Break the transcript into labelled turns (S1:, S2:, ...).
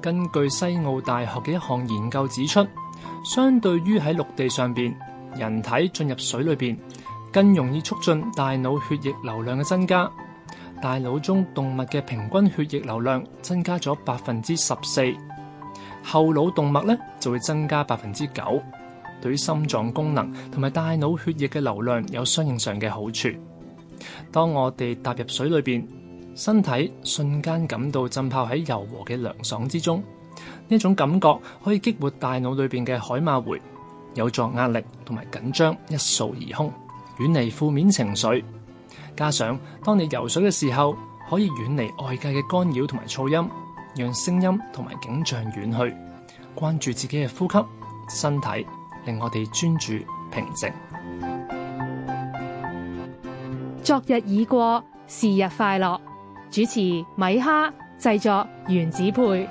S1: 根據西澳大學嘅一項研究指出，相對於喺陸地上邊，人體進入水裏面，更容易促進大腦血液流量嘅增加。大腦中動脈嘅平均血液流量增加咗百分之十四，後腦動脈咧就會增加百分之九。對於心臟功能同埋大腦血液嘅流量有相應上嘅好處。當我哋踏入水裏面，身體瞬間感到浸泡喺柔和嘅涼爽之中，呢種感覺可以激活大腦裏邊嘅海馬回，有助壓力同埋緊張一掃而空，遠離負面情緒。加上當你游水嘅時候，可以遠離外界嘅干擾同埋噪音，讓聲音同埋景象遠去，關注自己嘅呼吸、身體，令我哋專注平靜。
S2: 昨日已過，是日快樂。主持米哈，製作原子配。